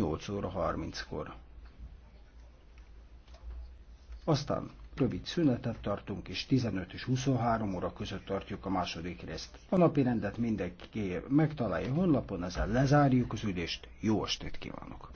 8 óra 30-kor. Aztán rövid szünetet tartunk, és 15 és 23 óra között tartjuk a második részt. A napi rendet mindenki megtalálja honlapon, ezzel lezárjuk az üdést. Jó estét kívánok!